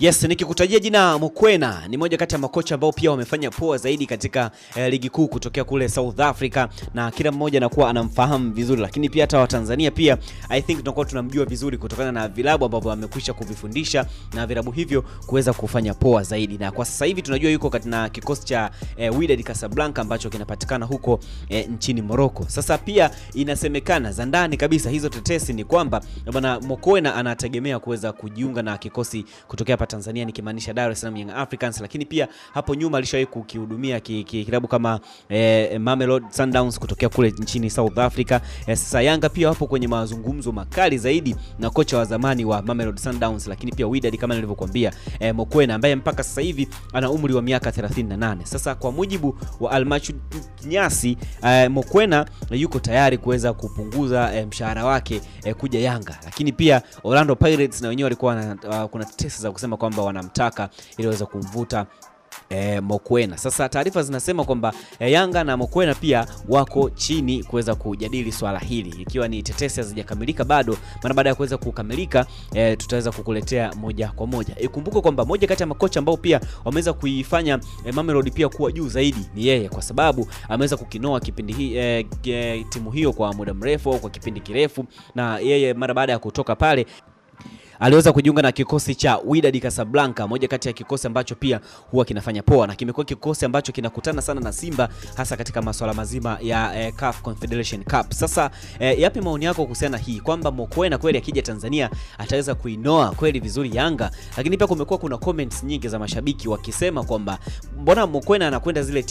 Yes, nikikutajia jina Mokoena ni moja kati ya makocha ambao pia wamefanya poa zaidi katika eh, ligi kuu kutokea kule South Africa na kila mmoja anakuwa anamfahamu vizuri, lakini pia hata Watanzania pia I think tunakuwa tunamjua vizuri kutokana na vilabu ambavyo amekwisha kuvifundisha na vilabu hivyo kuweza kufanya poa zaidi, na kwa sasa hivi tunajua yuko katika kikosi cha eh, Wydad Casablanca ambacho kinapatikana huko eh, nchini Morocco. Sasa pia inasemekana za ndani kabisa hizo tetesi ni kwamba bwana Mokoena anategemea kuweza kujiunga na kikosi kutokea Tanzania, nikimaanisha Dar es Salaam Young Africans, lakini pia hapo nyuma alishawahi kukihudumia kilabu kama eh, Mamelodi Sundowns kutokea kule nchini South Africa. Eh, sasa Yanga pia wapo kwenye mazungumzo makali zaidi na kocha wa zamani wa Mamelodi Sundowns, lakini pia Wydad kama nilivyokuambia, eh, Mokoena ambaye mpaka sasa hivi ana umri wa miaka 38. Sasa kwa mujibu wa Almachu Nyasi, eh, Mokwena yuko tayari kuweza kupunguza eh, mshahara wake eh, kuja Yanga, lakini pia Orlando Pirates na wenyewe walikuwa uh, kuna tetesi za kusema kwamba wanamtaka ili waweze kumvuta E, Mokwena. Sasa taarifa zinasema kwamba e, Yanga na Mokwena pia wako chini kuweza kujadili swala hili, ikiwa ni tetesi hazijakamilika bado. Mara baada ya kuweza kukamilika, e, tutaweza kukuletea moja kwa moja. Ikumbuke kwamba moja kati ya makocha ambao pia wameweza kuifanya e, Mamelodi pia kuwa juu zaidi ni yeye, kwa sababu ameweza kukinoa kipindi hii e, e, timu hiyo kwa muda mrefu au kwa kipindi kirefu, na yeye mara baada ya kutoka pale aliweza kujiunga na kikosi cha Wydad Casablanca, moja kati ya kikosi ambacho pia huwa kinafanya poa na kimekuwa kikosi ambacho kinakutana sana na Simba hasa katika masuala mazima ya eh, CAF Confederation Cup. Sasa eh, yapi maoni yako kuhusiana hii kwamba Mokoena kweli akija Tanzania ataweza kuinoa kweli vizuri Yanga? Lakini pia kumekuwa kuna comments nyingi za mashabiki wakisema kwamba mbona Mokoena anakwenda zile timu